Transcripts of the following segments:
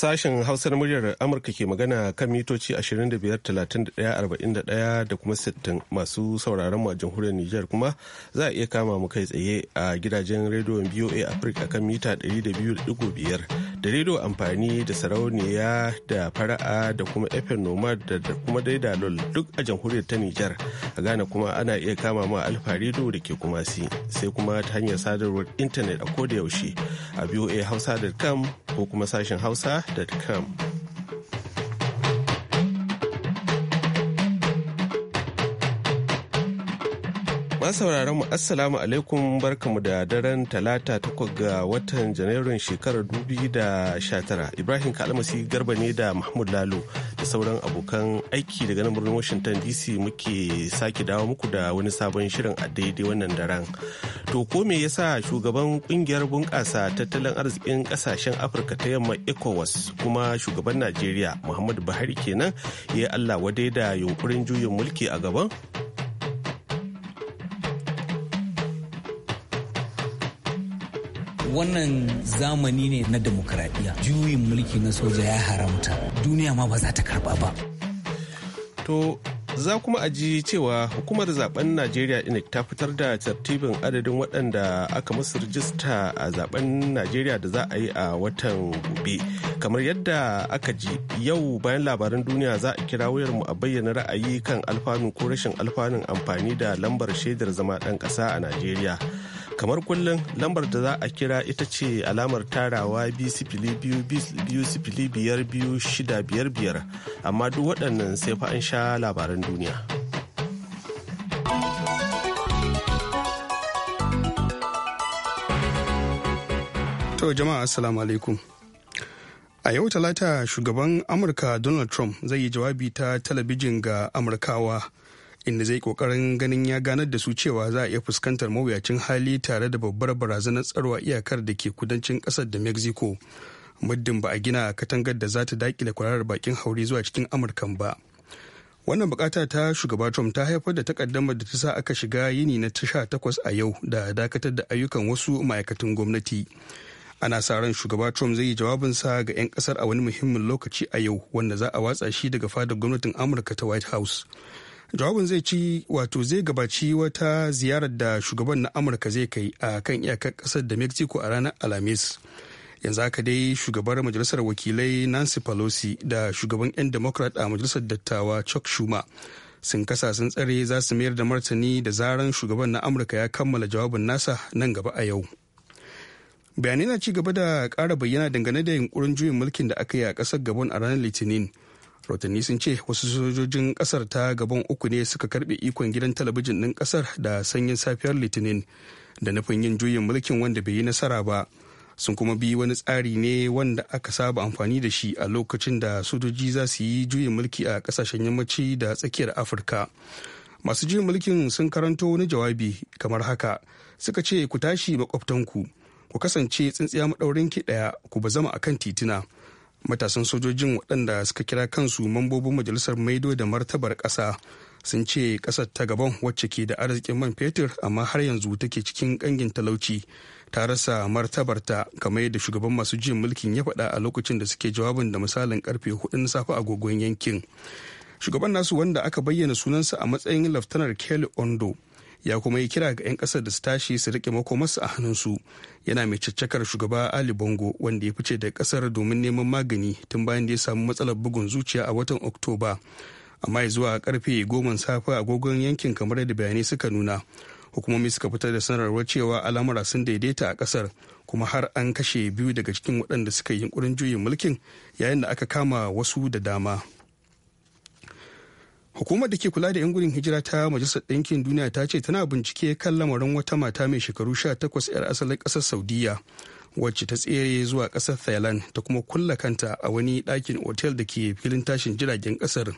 Sashen Hausa na muryar Amurka ke magana kan mitoci 25,31,41 da kuma 60 masu sauraron a jamhuriyar Nijar kuma za a iya kama mu kai tsaye a gidajen rediyon BOA Africa kan mita 200.5 da rediyo amfani da sarauniya da fara'a da kuma fm nomad da kuma dai daidalol duk a jamhuriyar ta nijar a ghana kuma ana iya kama ma alfa rediyo da ke kuma si sai kuma ta hanyar sadarwar intanet a koda yaushe a voa hausa.com ko kuma sashen hausa.com Masu sauraron mu Assalamu alaikum barkamu da daren talata takwas ga watan Janairun shekarar dubi da sha tara Ibrahim Kalmasi Garba ne da Mahmud Lalo da sauran abokan aiki daga nan birnin Washington DC muke sake dawo muku da wani sabon shirin a daidai wannan daren. To ko me yasa shugaban kungiyar bunƙasa tattalin arzikin ƙasashen Afirka ta yamma ECOWAS kuma shugaban Najeriya Muhammadu Buhari kenan ya Allah wadai da yunkurin juyin mulki a gaban? wannan zamani ne na demokradiyya juyin mulki na soja ya haramta duniya ma ba za ta karba ba to za kuma aji cewa hukumar zaben najeriya inec ta fitar da tartibin adadin waɗanda aka musu rijista a zaben najeriya da za a yi a watan gobe kamar yadda aka ji yau bayan labaran duniya za a kira wayarmu a bayyana ra'ayi kan alfanu ko rashin alfanun amfani da lambar shaidar zama ɗan ƙasa a najeriya kamar kullum lambar da za a kira ita ce alamar tarawa biyu biyu biyar amma duk waɗannan sai fa an sha labaran duniya. To jama'a assalamu alaikum. A yau talata shugaban Amurka Donald Trump zai yi jawabi ta talabijin ga Amurkawa. inda zai kokarin ganin ya ganar da su cewa za a iya fuskantar mawuyacin hali tare da babbar barazanar tsaro a iyakar da ke kudancin kasar da mexico muddin ba a gina katangar da za ta dakile kwararar bakin haure zuwa cikin amurkan ba wannan bukata ta shugaba trump ta haifar da takaddamar da ta sa aka shiga yini na tasha takwas a yau da dakatar da ayyukan wasu ma'aikatan gwamnati ana sa ran shugaba trump zai yi jawabinsa ga 'yan kasar a wani muhimmin lokaci a yau wanda za a watsa shi daga fadar gwamnatin amurka ta white house jawabin zai ci wato zai gabaci wata ziyarar da shugaban na amurka zai kai a kan iyakar kasar da mexico a ranar alhamis yanzu haka dai shugabar majalisar wakilai nancy pelosi da shugaban 'yan democrat a majalisar dattawa chuck schumer sun kasa sun tsare za su mayar da martani da zaran shugaban na amurka ya kammala jawabin nasa nan gaba a yau bayanai na ci gaba da ƙara bayyana dangane da yunkurin juyin mulkin da aka yi a ƙasar gabon a ranar litinin rotanni sun ce wasu sojojin kasar ta gaban uku ne suka karbe ikon gidan talabijin din kasar da sanyin safiyar litinin da nufin yin juyin mulkin wanda bai yi nasara ba sun kuma bi wani tsari ne wanda aka saba amfani da shi a lokacin da sojoji za su yi juyin mulki a kasashen yammaci da tsakiyar afirka masu juyin mulkin sun karanto wani jawabi kamar haka suka ce ku tashi makwabtanku ku kasance tsintsiya maɗaurin ki ɗaya ku ba zama akan titina matasan sojojin waɗanda suka kira kansu mambobin majalisar maido da martabar ƙasa sun ce ƙasar ta gaban wacce ke da arzikin man fetur amma har yanzu take cikin ƙangin talauci ta rasa martabarta kamar yadda shugaban masu jin mulkin ya faɗa a lokacin da suke jawabin da misalin karfe hudu na safe agogon yankin shugaban nasu wanda aka bayyana sunansa a matsayin laftanar kelly ondo ya kuma yi kira ga 'yan kasar da su tashi su rike makomarsu a hannunsu yana mai caccakar shugaba ali bongo wanda ya fice da kasar domin neman magani tun bayan da ya samu matsalar bugun zuciya a watan oktoba amma zuwa karfe goma safe agogon yankin kamar da bayanai suka nuna hukumomi suka fitar da sanarwar cewa al'amura sun daidaita a kasar kuma har an kashe biyu daga cikin waɗanda suka yi yunkurin juyin mulkin yayin da aka kama wasu da dama hukumar da ke kula da 'yan gudun hijira ta majalisar ɗinkin duniya ta ce tana bincike kan lamarin wata mata mai shekaru sha 18 'yar asalin ƙasar saudiya wacce ta tsere zuwa ƙasar thailand ta kuma kulla kanta a wani ɗakin otel da ke filin tashin jiragen ƙasar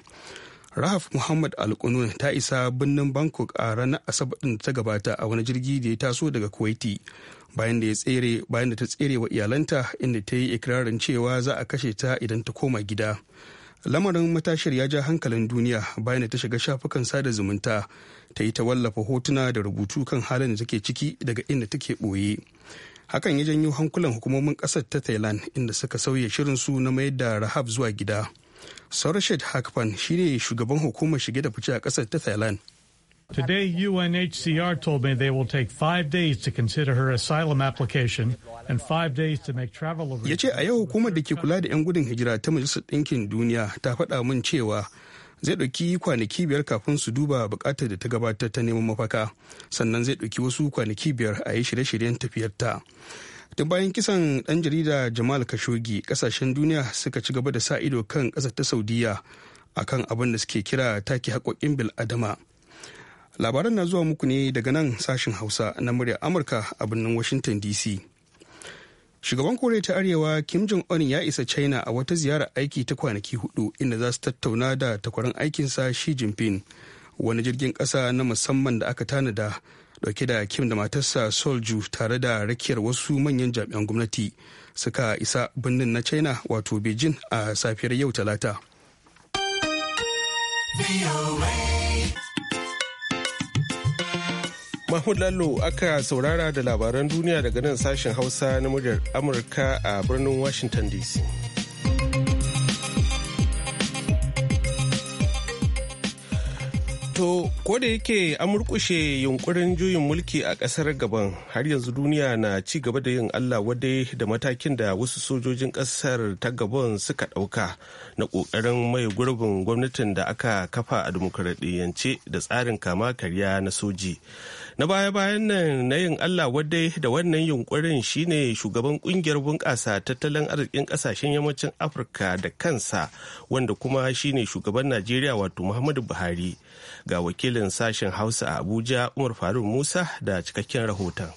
rahaf muhammad alkunun ta isa birnin bangkok a ranar asabar ɗin ta gabata a wani jirgi da ya taso daga kuwaiti bayan tsere bayan da ta tsere wa iyalanta inda ta yi ikirarin cewa za a kashe ta idan ta koma gida lamarin matashiyar ya ja hankalin duniya bayan da ta shiga shafukan sada zumunta ta yi ta wallafa hotuna da rubutu kan halin da take ciki daga inda take ɓoye hakan ya janyo hankulan hukumomin ƙasar ta thailand inda suka sauya shirinsu na mayar da rahab zuwa gida saurashed hakpan shine shugaban hukumar shige da fice a ƙasar ta thailand Today, UNHCR told me they will take five days to consider her asylum application and five days to make travel Ya ce a yau hukumar da ke kula da 'yan gudun hijira ta Majalisar Ɗinkin Duniya ta faɗa min cewa zai ɗauki kwanaki biyar kafin su duba buƙatar da ta gabatar ta neman mafaka sannan zai ɗauki wasu kwanaki biyar a yi shirye-shiryen tafiyarta. tun bayan kisan ɗan jarida jamal khashoggi ƙasashen duniya suka ci gaba da sa ido kan ƙasar ta saudiya akan abin da suke kira take haƙoƙin bil'adama labaran na zuwa muku ne daga nan sashen hausa na muryar amurka a birnin washington dc shugaban koriya ta arewa kim jong un ya isa china a wata ziyara aiki ta kwanaki hudu inda za su tattauna da takwaran aikinsa shi jinping wani jirgin kasa na musamman da aka tanada dauke da kim da matarsa solju tare da rakiyar wasu manyan jami'an gwamnati suka isa birnin na china wato beijing a safiyar yau talata. Mahmud Lallo aka saurara da labaran duniya daga nan sashen Hausa na muryar Amurka a birnin Washington DC. To, ko da yake an murkushe yunkurin juyin mulki a ƙasar gaban har yanzu duniya na ci gaba da yin Allah wadai da matakin da wasu sojojin ƙasar ta gabon suka ɗauka na ƙoƙarin mai gurbin gwamnatin da aka kafa a dimokuraɗiyyance da tsarin kama karya na soji. Na baya-bayan nan na yin Allah wadai da wannan yunkurin shine shugaban ƙungiyar bunƙasa tattalin arzikin ƙasashen yammacin Afirka da kansa wanda kuma shine shugaban Najeriya wato Muhammadu Buhari. ga wakilin sashen hausa a abuja umar faruk musa da cikakken rahoton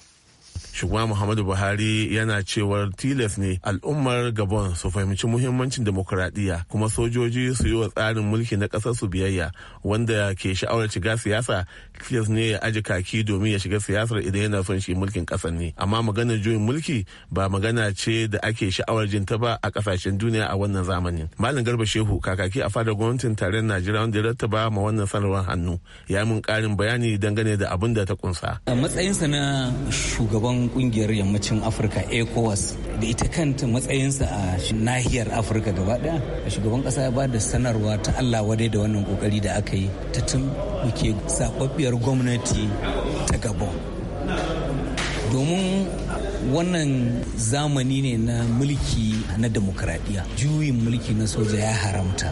shugaba muhammadu buhari yana cewar tilas ne al'ummar gabon su fahimci muhimmancin demokuraɗiyya kuma sojoji su yi wa tsarin mulki na ƙasar su biyayya wanda ke sha'awar shiga siyasa tilas ne ya aji kaki domin ya shiga siyasar idan yana son shi mulkin ƙasar ne amma maganar juyin mulki ba magana ce da ake sha'awar jin ta ba a ƙasashen duniya a wannan zamanin malam garba shehu kakaki a fadar gwamnatin tarayyar najeriya wanda ya rattaba ma wannan sanarwar hannu ya mun ƙarin bayani dangane da abin da ta kunsa a matsayinsa na shugaban kungiyar yammacin afirka ecowas da ita kanta matsayinsa a nahiyar afirka gaba daya a shugaban kasa ya ba da sanarwa ta allah wadai da wannan kokari da aka yi ta tun muke sababbiyar gwamnati ta gabon domin wannan zamani ne na mulki na demokradiyya juyin mulki na soja ya haramta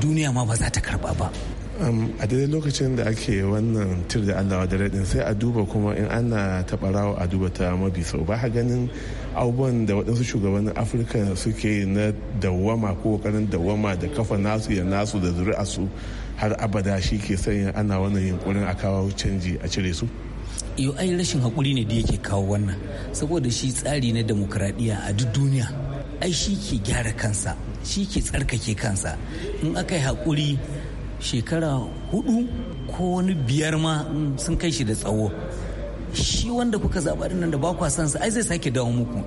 duniya ma ba za ta karba ba a daidai lokacin da ake wannan tir da allah da raɗin sai a duba kuma in ana taɓarawa a duba ta mabi sau ba ha ganin abubuwan da waɗansu shugabannin afirka suke na dawama ko ƙoƙarin dawama da kafa nasu ya nasu da zuri'a su har abada shi ke sanya ana wannan yunkurin a kawo canji a cire su yau ai rashin haƙuri ne da yake kawo wannan saboda shi tsari na demokradiyya a duk duniya ai shi ke gyara kansa shi ke tsarkake kansa in aka yi haƙuri shekara hudu ko wani biyar ma sun kai shi da tsawo shi wanda kuka zaɓa nan da ba kwa san sa ai zai sake dawo muku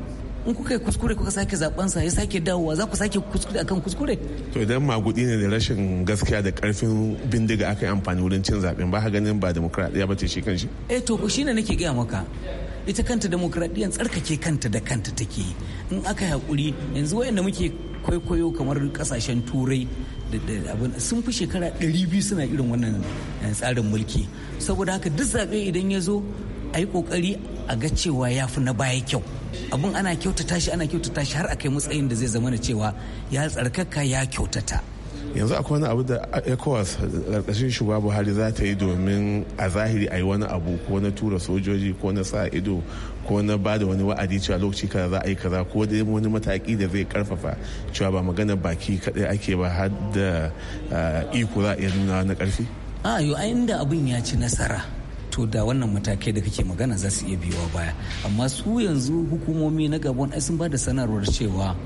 in kuka yi kuskure kuka sake zaben sa ya sake dawowa za ku sake kuskure akan kuskure to idan magudi ne da rashin gaskiya da karfin bindiga aka yi amfani wurin cin zaben ba ganin ba demokradiya ba ce shi kan shi eh to ne nake gaya maka ita kanta demokradiyyar tsarkake kanta da kanta take in aka yi hakuri yanzu wayanda muke kwaikwayo kamar kasashen turai da abin sun fi shekara 200 suna irin wannan eh, tsarin mulki saboda haka duk zaɓe idan ya zo a yi ƙoƙari a ga cewa ya fi na baya kyau abin ana kyautata shi ana kyautata shi har a kai matsayin da zai zamana cewa ya tsarkaka ya kyautata yanzu akwai wani abu da ecowas ƙarƙashin shugaba buhari za ta yi domin a zahiri a yi wani abu ko na tura sojoji ko na sa ido ko na ba da wani wa'adi cewa lokaci kaza za a yi kaza ko dai wani mataki da zai karfafa cewa ba magana baki kadai ake ba har da ah, iko za a iya nuna na karfi a ah, yau a inda abin ya ci nasara to da wannan matakai da kake magana za su iya biyuwa baya amma su yanzu hukumomi na gabon ai sun ba da sanarwar cewa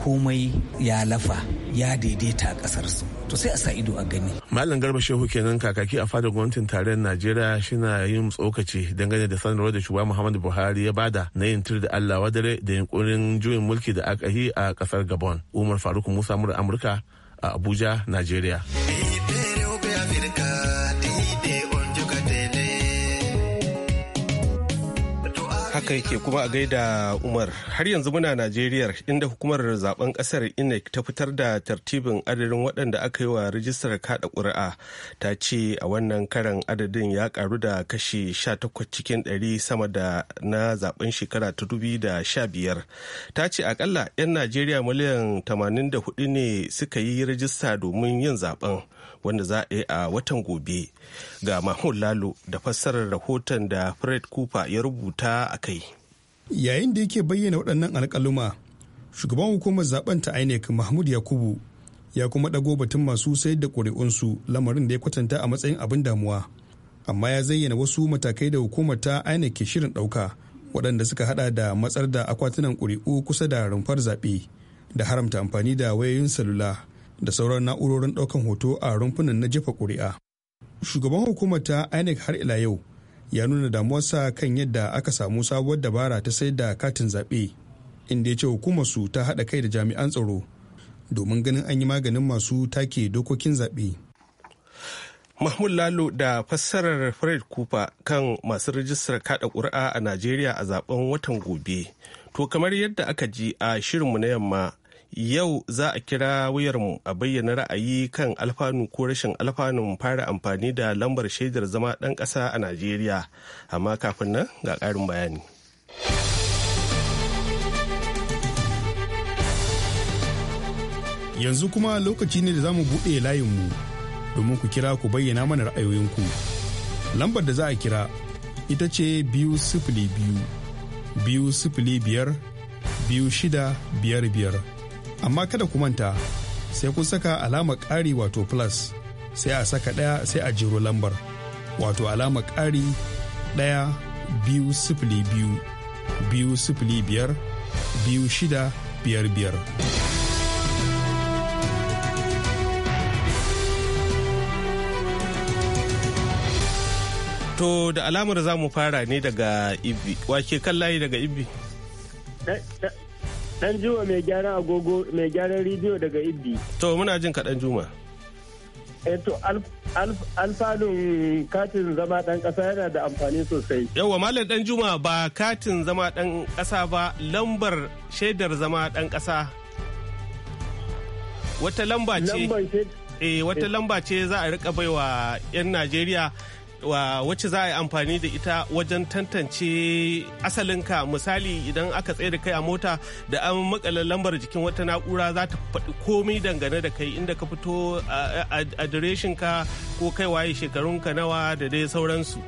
komai ya lafa ya daidaita a kasar su to sai a sa ido a gani. Malam Garba Shehu kenan kakaki a fadar gwamnatin tarayyar Najeriya shina yin tsokaci dangane da sanarwar da shugaba Muhammadu Buhari ya bada na yin tir da Allah wadare da yunkurin juyin mulki da aka yi a kasar Gabon. Umar Faruk Musa mura Amurka a Abuja, Najeriya. haka yake kuma a gaida umar har yanzu muna najeriya inda hukumar zaben kasar inec ta fitar da tartibin adadin waɗanda aka yi wa rijistar kada ƙuri'a ta ce a wannan karan adadin ya karu da kashi 18 cikin 100 sama da na zaben shekara ta 2015 ta ce akalla 'yan najeriya miliyan 84 ne suka yi rijista domin yin zaben wanda za a yi a watan gobe ga mahmud lalo da fassarar rahoton da fred cooper ya rubuta a kai yayin da yake bayyana waɗannan alƙaluma shugaban hukumar zaben ta inec mahmud yakubu ya kuma ɗago batun masu sayar da ƙuri'unsu lamarin da ya kwatanta a matsayin abin damuwa amma ya zayyana wasu matakai da hukumar ta inec ke shirin ɗauka waɗanda suka haɗa da matsar da akwatunan ƙuri'u kusa da rumfar zaɓe da haramta amfani da wayoyin salula da sauran na'urorin ɗaukan hoto a rumfunan na jefa ƙuri'a shugaban hukumar ta inec har ila yau ya nuna damuwarsa kan yadda aka samu sabuwar dabara ta sayar da katin zaɓe inda ya ce hukumarsu ta haɗa kai da jami'an tsaro domin ganin an yi maganin masu take dokokin zaɓe. Mahmud Lalo da fassarar Fred Cooper kan masu rijistar kada ƙuri'a a Najeriya a zaben watan gobe. To kamar yadda aka ji a shirinmu na yamma Yau za a kira wayarmu a bayyana ra'ayi kan alfanu ko rashin alfanu fara amfani da lambar shaidar zama ɗan ƙasa a Najeriya. Amma kafin nan ga ƙarin bayani. Yanzu kuma lokaci ne da za mu buɗe layinmu domin ku kira ku bayyana mana ra'ayoyinku. Lambar da za a kira ita ce biyu sifili biyu, biyu sifili biyar, biyu shida biyar biyar. amma kada ku manta sai kun saka alama ƙari wato plus sai a saka ɗaya sai a jiro lambar wato alama ƙari ɗaya biyu sifili biyu biyu sifili biyar biyu shida biyar biyar. To da alamar za mu fara ne daga ibi wake kan layi daga ibi Dan Juma mai gyaran agogo mai gyaran rediyo daga Ibbi. To muna jin ka Dan Juma. Eh to alfanun katin zama dan kasa yana da amfani sosai. Yawwa Malam Dan Juma ba katin zama dan kasa ba lambar shaidar zama dan kasa. Wata lamba ce. Eh wata eh. lamba ce za a rika baiwa 'yan Najeriya wacce za a yi amfani da ita wajen tantance asalinka misali idan aka tsaye da kai a mota da an makala lambar jikin wata na'ura za ta faɗi komai dangane da kai inda ka fito adireshinka ko kai waye shekarunka nawa da dai sauransu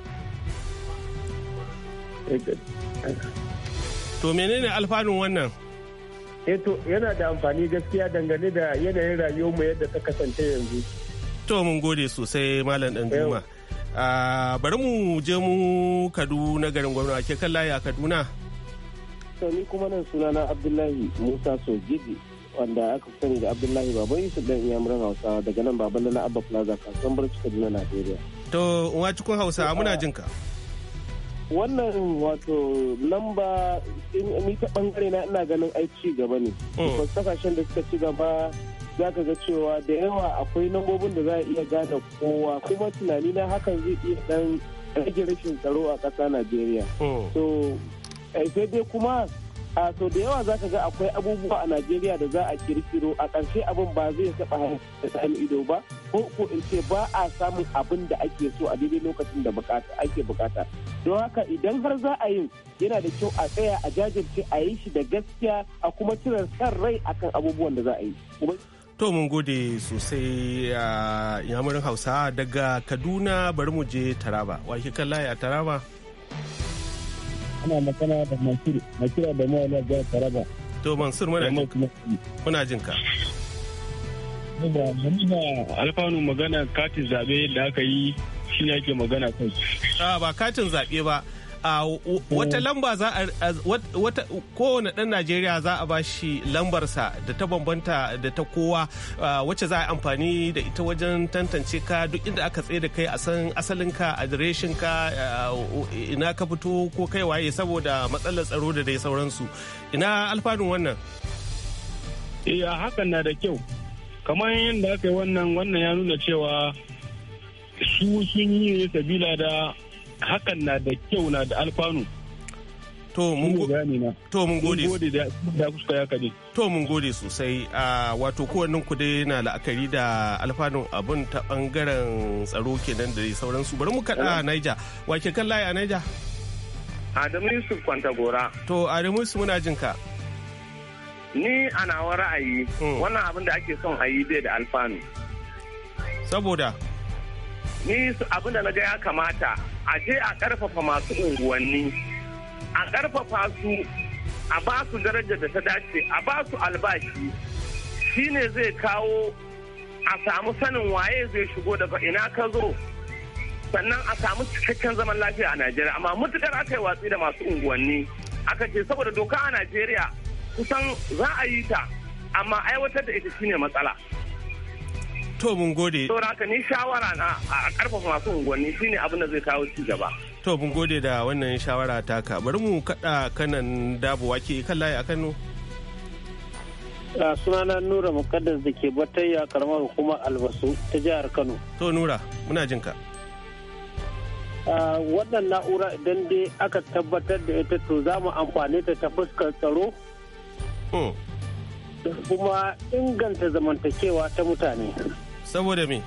to menene alfanun wannan eto eh, yana da amfani gaskiya dangane da yanayin rayuwarmu yadda ta kasance yanzu to mun gode sosai malam dan juma bari mu je mu kaduna garin gwamna ake kan layi a kaduna ni kuma nan na abdullahi musa sojidi wanda aka sani da abdullahi baban yusuf dan iyamuran hausawa daga nan baban na abba plaza kasuwan barci kaduna najeriya to wa cikin hausa muna jin ka wannan wato lamba ni ta bangare na ina ganin aiki gaba ne oh. kasashen da suka ci gaba zaka ga cewa da yawa akwai lambobin da za a iya gane kowa kuma tunani na hakan zai iya dan rage rashin tsaro a ƙasa najeriya oh. so eh, sai dai kuma a so da yawa zaka ga akwai abubuwa a najeriya da za a kirkiro a ƙarshe abin ba zai taɓa da ido ba ko ko in ce ba a samun abin da ake so a daidai lokacin da ake bukata don haka idan har za a yi yana da kyau a tsaya a jajirce a yi shi da gaskiya a kuma cire san rai akan abubuwan da za a yi To mun gode sosai a yamurin Hausa daga Kaduna bari mu je Taraba. Wa kan kalla a Taraba? Ana magana da Mansur, Mansur da Mawala jihar Taraba. To Mansur muna jin Muna jin ka. alfanu magana katin zabe da aka yi shi ne ake magana kai. A ba katin zabe ba. wata oh. lamba za a wata kowane ɗan Najeriya za a bashi lambarsa da ta bambanta da ta kowa wacce za a amfani da ita wajen tantance ka duk inda aka tsaye da kai a san asalin ka adireshin ka ina ka fito ko kai waye saboda matsalar tsaro da dai sauransu ina alfanu wannan iya eh, hakan na da kyau kamar yadda aka yi wannan wannan ya nuna cewa su sun yi sabila da hakan na da kyau na da alfanu to mun gode da ya kaje to mun gode sosai a wato kowannen ku dai na la'akari da alfanun abun ta bangaren tsaro kenan da sauransu bari mu a eh. Niger ke kan layi a Niger Adamu Yusuf Kwantagora to Adamu Yusuf muna jin ka ni ana wa ra'ayi hmm. wannan abin da ake son a yi bai da alfanu saboda ni abin da na ga ya kamata a je a karfafa masu unguwanni a karfafa su a ba su darajar da ta dace a ba su albashi shine zai kawo a samu sanin waye zai shigo daga ina ka zo sannan a samu cikakken zaman lafiya a najeriya amma mutukar aka yi watsi da masu unguwanni aka ce saboda doka a najeriya kusan za a yi ta amma aiwatar da ita shine matsala To mun gode. To haka ni shawara na a karfafa masu unguwanni shine abin da zai kawo ci gaba. To mun gode da wannan shawara taka. Bari mu kada kanan dabo wake kan layi a Kano. Sunana Nura Mukaddas da ke Batayya karamar hukumar Albasu ta jihar Kano. To Nura, muna jin ka. Wannan na'ura idan dai aka tabbatar da ita to za mu amfani ta ta fuskar tsaro. Hmm. Kuma inganta zamantakewa ta mutane. saboda me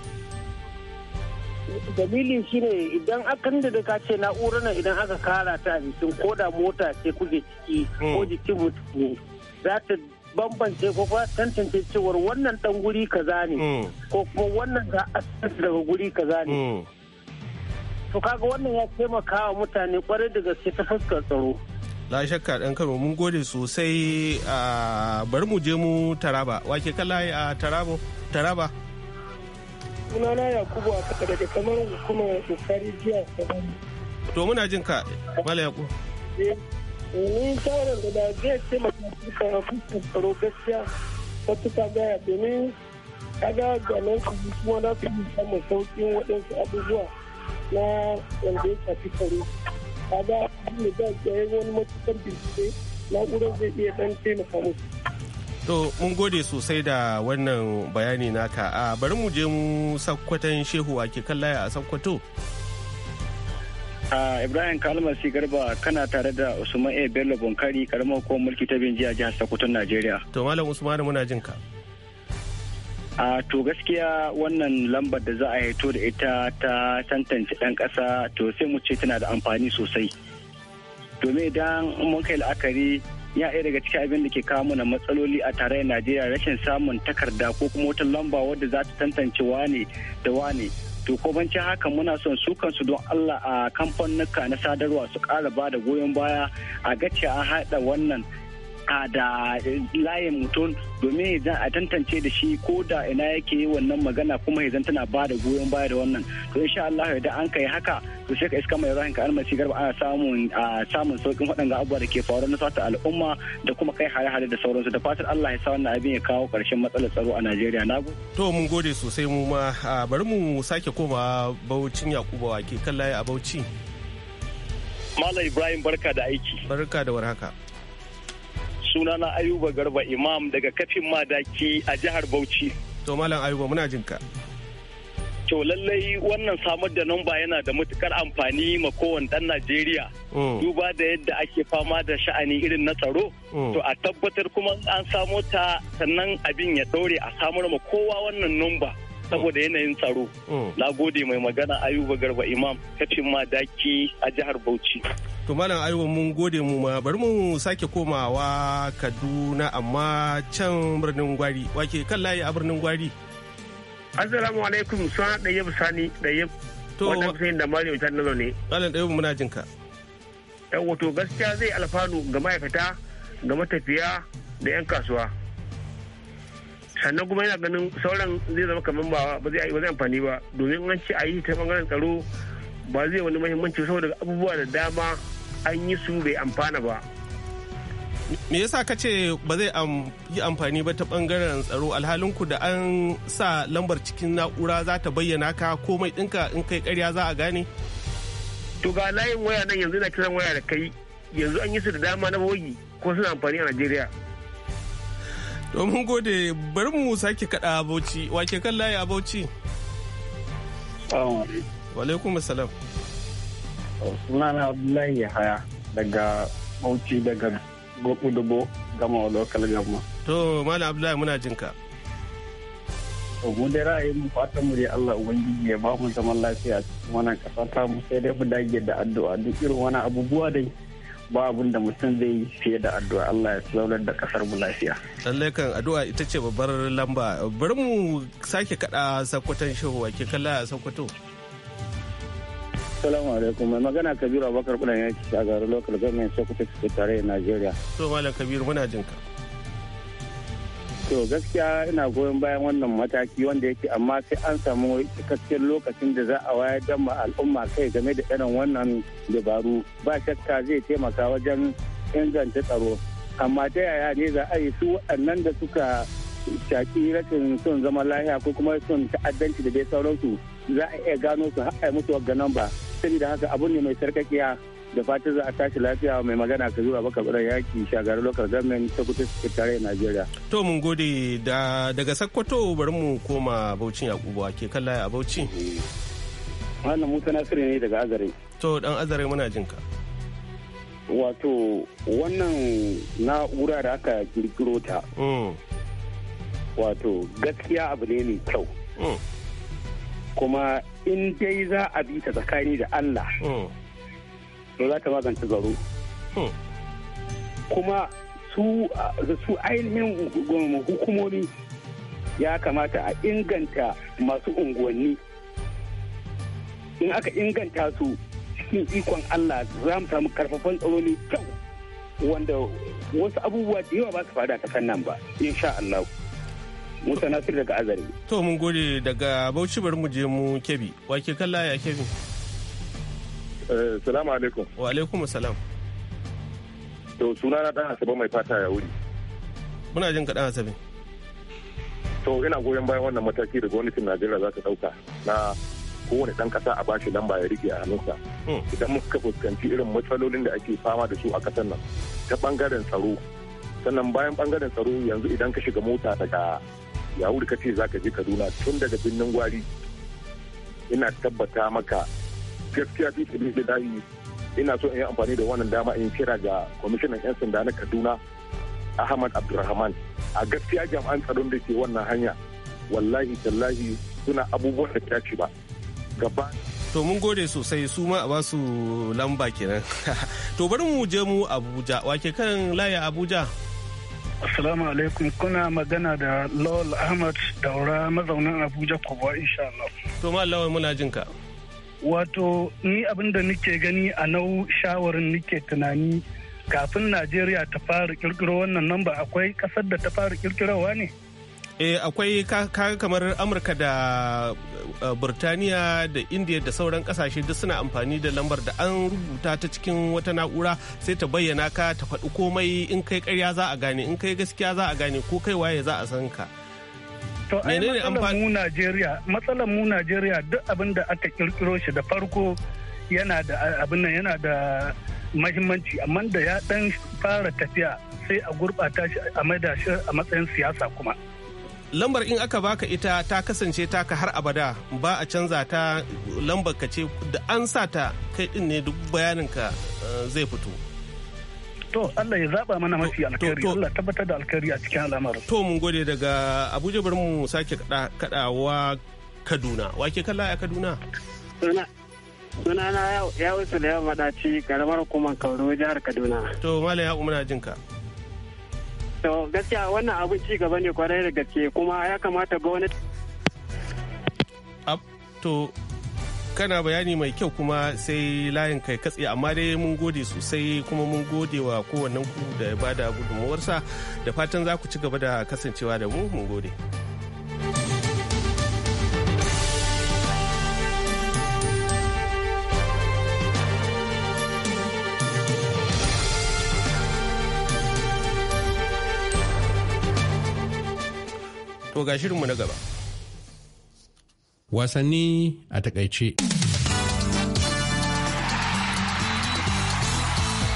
dalili shine idan akan da ka ce na'ura nan idan aka kara ta abincin ko da mota ce kuke ciki ko hmm. jikin mutum ne za ta bambance ko kuma tantance cewar wannan dan guri kaza ne hmm. ko kuma wannan ga asibiti daga guri kaza ne hmm. to kaga wannan ya taimaka wa mutane kwarai da gaske ta fuskar tsaro la shakka dan karo mun gode sosai a ah, bari mu je mu taraba wake kala a taraba taraba sunana yakubu a daga kamar hukumar kokari jiya sabani to muna jin ka mala yakubu eh, ni shawarar da da zai ce suka karfin tsaro gaskiya wata ta gaya domin kaga ganin kuma na su samu sauƙin waɗansu abubuwa na wanda ya shafi tsaro kaga ba da ya wani matukan bincike na'urar zai iya ɗan taimaka musu To mun gode sosai da wannan bayani naka a bari mu je mu sakkwatan shehu a ke kallaya a sakkwato. ibrahim kalmar garba kana tare da usman a bello Bunkari karamar hukumar mulki ta binji a jihar sokoto najeriya to malam usman muna jin ka a to gaskiya wannan lambar da za a haito da ita ta tantance ɗan ƙasa to sai mu ce tana da amfani sosai domin idan mun kai la'akari ya ɗaya daga cikin abin da ke kawo mana matsaloli a tarayyar najeriya rashin samun takarda ko kuma wata lamba wadda za ta tantance wane da wane to ko bancin haka muna son su kansu don allah a kamfanuka na sadarwa su ƙara ba da goyon baya a gace an haɗa wannan da layin mutum domin idan a tantance da shi ko da ina yake wannan magana kuma idan tana ba da goyon baya da wannan to insha Allah idan an kai haka to sai ka iska mai rahin ka almasi garba ana samun samun saukin waɗanda abubuwa da ke faruwa na sata al'umma da kuma kai hare-hare da sauransu da fatan Allah ya sa wannan abin ya kawo ƙarshen matsalar tsaro a Najeriya na to mun gode sosai mu ma bari mu sake koma Baucin Yakuba wake kan a Bauchi Malam Ibrahim barka da aiki barka da warhaka sunana ayuba garba imam daga kafin madaki a jihar bauchi to malam ayuba muna jinka. to lallai wannan samar da namba yana da matukar amfani ma kowane dan najeriya mm. duba da yadda ake fama da sha'ani irin na tsaro mm. to a tabbatar kuma an samo ta sannan abin ya ɗore a samar ma kowa wannan namba saboda mm. yanayin tsaro na gode mai magana ayuba garba imam kafin madaki a jihar bauchi to malam aiwa mun gode mu ma bari mu sake komawa kaduna amma can birnin gwari wake kan layi a birnin gwari assalamu alaikum suna yabu sani To wanda wannan sayin da mariyu ta nazo ne malam ɗaya muna jin ka yan wato gaskiya zai alfanu ga ma'aikata ga matafiya da 'yan kasuwa sannan kuma yana ganin sauran zai zama kamar ba ba zai amfani ba domin an ce a yi ta bangaren tsaro ba zai wani mahimmanci saboda abubuwa da dama an yi su bai amfana ba me yasa ka ce ba zai yi amfani ba ta bangaren tsaro ku da an sa lambar cikin na'ura za ta bayyana ka komai ɗinka in kai karya za a gane to ga layin waya nan yanzu na kiran waya da kai yanzu an yi su da dama na bogi ko suna amfani a najeriya domin gode bari mu sake kaɗa a wake kan layi a bauchi Walaikum salam. Sunana Abdullahi Yahaya daga Bauchi daga Gokudubo gama local gama. To Malam Abdullahi muna jinka. To mu da ra'ayin mu fatan mu Allah ubangiji ya ba mu zaman lafiya cikin wannan kasa ta mu sai dai mu dage da addu'a duk irin wani abubuwa dai ba abin da mutum zai yi fiye da addu'a Allah ya tsaunar da kasar mu lafiya. Lallai kan addu'a ita ce babbar lamba. Bari mu sake kaɗa sakwatan shehu ke kalla a sakwato. Assalamu alaikum mai magana Kabiru Abubakar Kudan yanki a garin local government Sokoto suke tare da Najeriya. To Malam Kabiru muna jin ka. To gaskiya ina goyon bayan wannan mataki wanda yake amma sai an samu cikakken lokacin da za a wayar da al'umma kai game da irin wannan dabaru ba shakka zai taimaka wajen inganta tsaro amma ta yaya ne za a yi su waɗannan da suka shaki rashin son zama lahiya ko kuma son ta'addanci da dai sauransu za a iya gano su har musu wagga nan ba da haka abu ne mai sarkakiya da fata za a tashi lafiya mai magana ka zuwa baka bura yaki shagarar local government su tare najeriya to mun gode da daga sakkwato bari mu koma baucin yakubu ake kalla a bauchi wannan musa nasiru ne daga azare to dan azare muna jin ka wato wannan na'ura da aka kirkiro ta mm. wato gaskiya abu ne mai kyau mm. kuma in dai za a bi ta tsakani da Allah hmm. to za ta magance tsaro hmm. kuma su ainihin hukumomi ya kamata a inganta masu unguwanni in aka inganta su cikin ikon Allah za mu samu karfafan tsaro ne kyau wanda wasu abubuwa da yawa ba su fada ta nan ba insha Allah Musa Nasir daga Azare. To mun gode daga Bauchi bari mu je mu kebi Wa ke kalla ya Kebi? Eh, salamu alaikum. Wa alaikum salam. To suna na dan Asabe mai fata ya wuri. Muna jin ka dan Asabe. To ina goyon bayan wannan mataki da gwamnatin Najeriya za ta dauka na kowane dan kasa a bashi lamba ya rike a hannunsa. Hmm. Idan muka fuskanci irin matsalolin da ake fama da su a kasar nan ta bangaren tsaro sannan bayan bangaren tsaro yanzu idan ka shiga mota daga ya wuri ka ce za ka je kaduna tun daga birnin gwari ina tabbata maka gaskiya fi da dahi ina so in yi amfani da wannan dama in kira ga kwamishinan 'yan sanda na kaduna ahmad abdulrahman a gaskiya jami'an tsaron da ke wannan hanya wallahi tallahi suna abubuwan da ta ci ba gaba to mun gode sosai su ma a ba su lamba kenan to bari mu je mu abuja wake kan laya abuja Assalamu alaikum kuna magana da Lawal Ahmad daura mazaunan Abuja kuwa insha Allah. To Lawal muna jin ka. Wato ni abin da nake gani a nau shawarin nake tunani kafin Najeriya ta fara kirkiro wannan namba akwai kasar da ta fara kirkirowa ne? eh akwai kaga kamar amurka da eh, eh, burtaniya da indiya da sauran kasashe duk suna amfani da lambar da an rubuta ta cikin wata na'ura sai ta bayyana ka ta faɗi komai in kai karya za a gane in kai gaskiya za a gane ko kai waye za a san ka to ai matsalar mu najeriya matsalar mu najeriya duk abin da aka kirkiro shi da farko yana da abin nan yana da mahimmanci amma da ya dan fara tafiya sai a gurbata shi a maida shi a matsayin siyasa kuma lambar in aka baka ita ta kasance taka har abada ba a canza ta lambar ka ce da an sa ta kai din ne duk bayanin ka eh, zai fito to Allah ya zaba mana mafi alkhairi Allah tabbatar da alkhairi a cikin alamar. to mun gode daga Abuja bari mu sake kadawa Kaduna wake kalla a Kaduna na ya wuce da yawan madaci karamar kuma Kauru jihar Kaduna to mala ya umarna jinka. To gaskiya wannan abun ci gaba ne kwarai da gaske kuma ya kamata gwamnati. To kana bayani mai kyau kuma sai layin kai katse amma dai mun gode sosai kuma mun gode wa kowannen ku da ya bada gudunmuwarsa da fatan za ku ci gaba da kasancewa da mu mun gode. To ga shirinmu na gaba. Wasanni a takaice.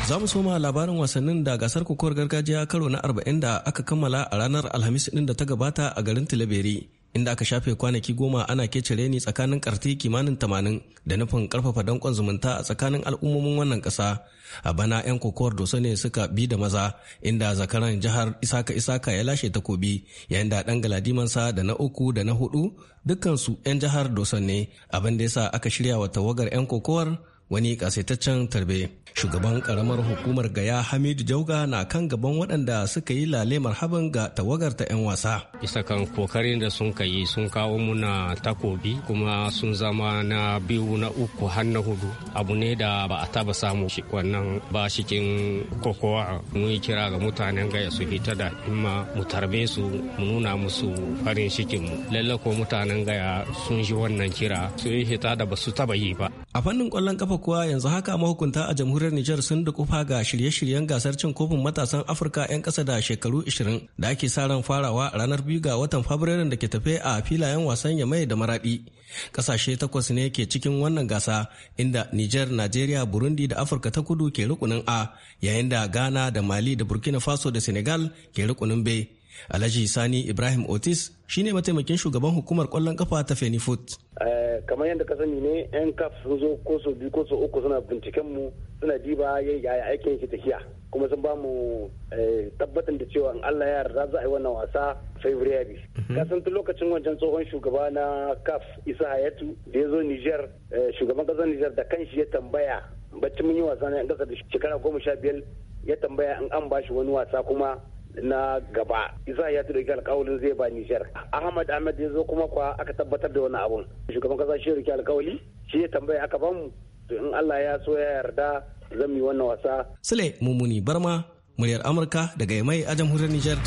Za mu soma labarin wasannin da gasar kokowar gargajiya karo na 40 da aka kammala a ranar Alhamis ɗin da ta gabata a garin Tilaberi inda aka shafe kwanaki goma ana kecire ni tsakanin karti kimanin tamanin da nufin karfafa dankon zumunta a tsakanin al'ummomin wannan ƙasa a bana 'yan kokowar dosa ne suka bi da maza inda zakaran jihar isaka isaka ya lashe takobi yayin da dan galadimansa da na uku da na hudu dukkansu 'yan jihar dosa ne abin da yasa aka shirya wa tawagar 'yan kokowar wani kasaitaccen tarbe shugaban karamar hukumar gaya hamidu jauga na kan gaban waɗanda suka yi lale marhaban ga tawagar ta 'yan wasa Isa kan kokarin da sun yi sun kawo muna takobi kuma sun zama na biyu na uku har na hudu abu ne da ba a taba samu shi wannan ba cikin kokowa mun yi kira ga mutanen gaya su hita da imma mu tarbe su mu nuna musu farin cikin mu lalle ko mutanen gaya sun ji wannan kira su yi hita da ba su taba yi ba a fannin kwallon kafa haka kuwa yanzu haka mahukunta a jamhuriyar Nijar sun dukufa ga shirye-shiryen gasar cin kofin matasan Afirka 'yan kasa da shekaru 20 da ake sa ran farawa ranar biyu ga watan Fabrairun da ke tafe a filayen wasan Yamai da Maradi. Ƙasashe takwas ne ke cikin wannan gasa inda Nijar, Najeriya, Burundi da Afirka ta Kudu ke rukunin A, yayin da Ghana da Mali da Burkina Faso da Senegal ke rukunin B. Alhaji Sani Ibrahim Otis shine mataimakin shugaban hukumar kwallon kafa ta foot. Eh, kamar yadda ka sani ne yan kaf sun zo ko sau biyu ko sau uku suna binciken mu suna diba yaya aikin shi tafiya kuma sun ba mu eh, tabbatar da cewa in Allah ya yarda za a yi wannan wasa February. Mhm. Kasan tun lokacin wancan tsohon shugaba na kaf Isa Hayatu da ya zo Niger eh, shugaban kasar Niger da kanshi ya tambaya bacci mun yi wasa na yan kasa da shekara goma sha biyar ya tambaya in an shi wani wasa kuma na gaba isa ya tura alkawalin zai ba nijar ahmad ahmad ya zo kuma kwa aka tabbatar da wani abun shugaban kasa shi rike alkawali shi ya tambaya aka bamu to in allah ya so ya yarda zan yi wannan wasa sule mumuni barma muryar amurka daga yamai a jamhuriyar nijar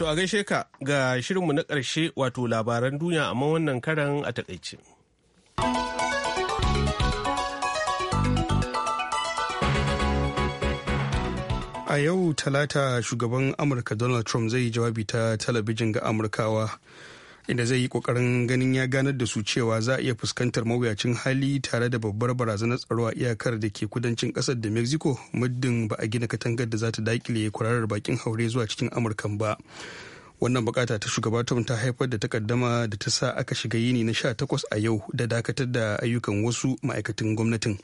To a gaishe ka ga shirinmu na ƙarshe wato labaran duniya amma wannan karan a takaice. A yau talata shugaban Amurka Donald Trump zai yi jawabi ta talabijin ga Amurkawa inda zai yi kokarin ganin ya ganar da su cewa za a iya fuskantar mawuyacin hali tare da babbar barazanar tsaro a iyakar da ke kudancin kasar da Mexico muddin ba a gina katangar da za ta dakile kurarar bakin haure zuwa cikin amurka ba. wannan bukata ta shugaba Trump ta haifar da takaddama da ta sa aka shiga yini na 18 a yau da dakatar da ayyukan wasu ma'aikatan gwamnatin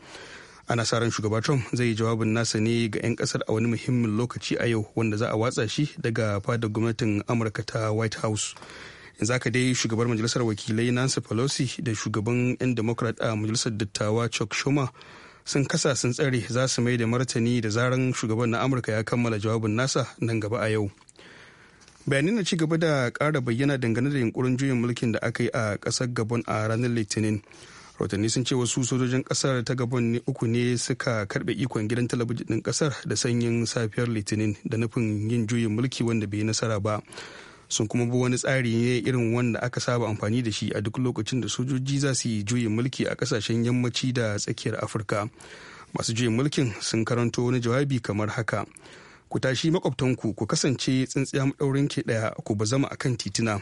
ana sa ran shugaba trump zai yi jawabin nasa ne ga 'yan kasar a wani muhimmin lokaci a yau wanda za a watsa shi daga fadar gwamnatin amurka ta white house yanzu aka dai shugabar majalisar wakilai nancy pelosi da shugaban 'yan democrat a majalisar dattawa chuck schumer sun kasa sun tsare za su mai da martani da zaran shugaban na amurka ya kammala jawabin nasa nan gaba a yau bayanin na cigaba da kara bayyana dangane da yunkurin juyin mulkin da aka yi a kasar gabon a ranar litinin rahotanni sun ce wasu sojojin kasar ta gabon uku ne suka karbe ikon gidan talabijin din kasar da sanyin safiyar litinin da nufin yin juyin mulki wanda bai nasara ba sun kuma bi wani tsari ne irin wanda aka saba amfani da shi a duk lokacin da sojoji za su yi juyin mulki a kasashen yammaci da tsakiyar afirka masu juyin mulkin sun karanto wani jawabi kamar haka ku tashi makwabtanku ku kasance tsintsiya maɗaurin ke ɗaya ku bazama akan tituna.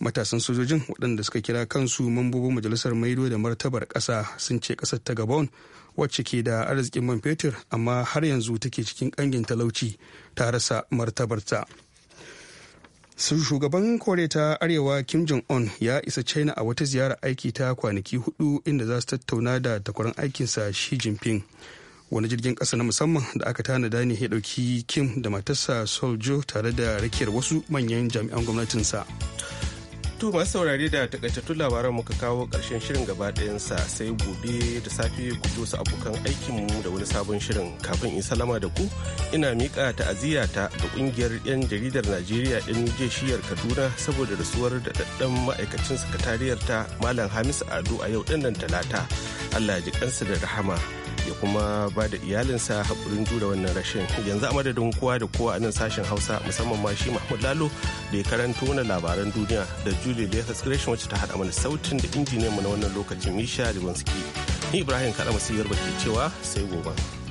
matasan sojojin waɗanda suka kira kansu mambobin majalisar maido da martabar ƙasa sun ce ƙasar ta gabon wacce ke da arzikin man fetur amma har yanzu take cikin ƙangin talauci ta rasa martabarta shugaban kore ta arewa kim jong un ya isa china a wata ziyara aiki ta kwanaki hudu inda za su tattauna da takwaran aikinsa shi jinping wani jirgin ƙasa na musamman da aka tanada ne ya ɗauki kim da matarsa soljo tare da rakiyar wasu manyan jami'an gwamnatinsa. To masu saurari da takaitattun labaran muka kawo ƙarshen shirin gaba ɗayansa sai gobe da safe ku ji wasu abokan aikinmu da wani sabon shirin kafin in salama da ku ina miƙa ta'aziyata da ƙungiyar 'yan jaridar Najeriya ɗin je shiyar Kaduna saboda rasuwar da ɗaɗɗan ma'aikacin sakatariyar ta Malam hamisu Ado a yau ɗinnan talata. Allah ya ji kansu da rahama. ya kuma ba da iyalinsa haƙurin jure wannan rashin yanzu a madadin kowa da kowa a nan sashen hausa musamman ma shi mahmud lalo da ya karanto na labaran duniya da julie lethas gresham wacce ta haɗa mana sautin da injiniyan mu na wannan lokacin misha libinski ni ibrahim kaɗa masu yarba ke cewa sai gobe.